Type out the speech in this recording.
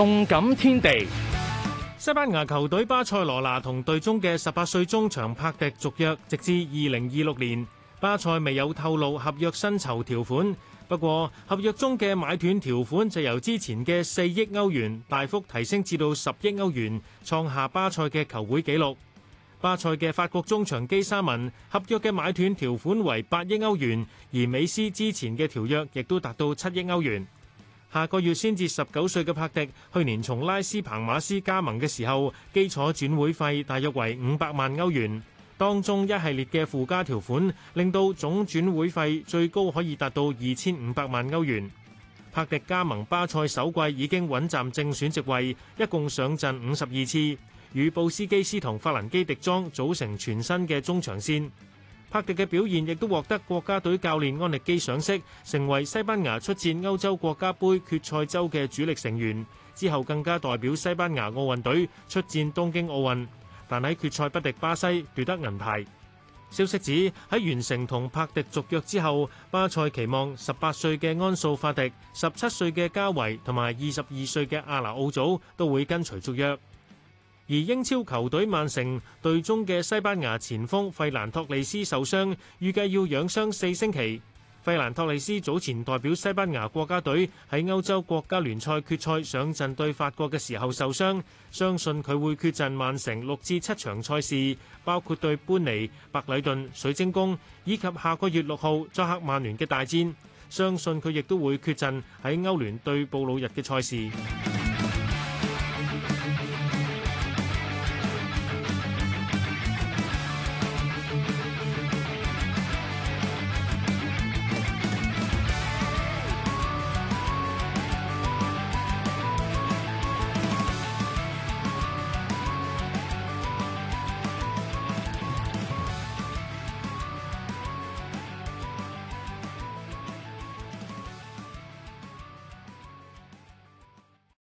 動感天地，西班牙球隊巴塞羅那同隊中嘅十八歲中場柏迪續約，直至二零二六年。巴塞未有透露合約薪酬條款，不過合約中嘅買斷條款就由之前嘅四億歐元大幅提升至到十億歐元，創下巴塞嘅球會紀錄。巴塞嘅法國中場基沙文合約嘅買斷條款為八億歐元，而美斯之前嘅條約亦都達到七億歐元。下個月先至十九歲嘅柏迪，去年從拉斯彭馬斯加盟嘅時候，基礎轉會費大約為五百萬歐元，當中一系列嘅附加條款令到總轉會費最高可以達到二千五百萬歐元。柏迪加盟巴塞首季已經穩站正選席位，一共上陣五十二次，與布斯基斯同法蘭基迪莊組成全新嘅中場線。柏迪嘅表現亦都獲得國家隊教練安力基賞識，成為西班牙出戰歐洲國家杯決賽周嘅主力成員。之後更加代表西班牙奧運隊出戰東京奧運，但喺決賽不敵巴西，奪得銀牌。消息指喺完成同柏迪續約之後，巴塞期望十八歲嘅安素法迪、十七歲嘅加維同埋二十二歲嘅阿拿奧祖都會跟隨續約。而英超球隊曼城隊中嘅西班牙前鋒費蘭托利斯受傷，預計要養傷四星期。費蘭托利斯早前代表西班牙國家隊喺歐洲國家聯賽決賽上陣對法國嘅時候受傷，相信佢會缺陣曼城六至七場賽事，包括對班尼、白禮頓、水晶宮以及下個月六號作客曼聯嘅大戰，相信佢亦都會缺陣喺歐聯對布魯日嘅賽事。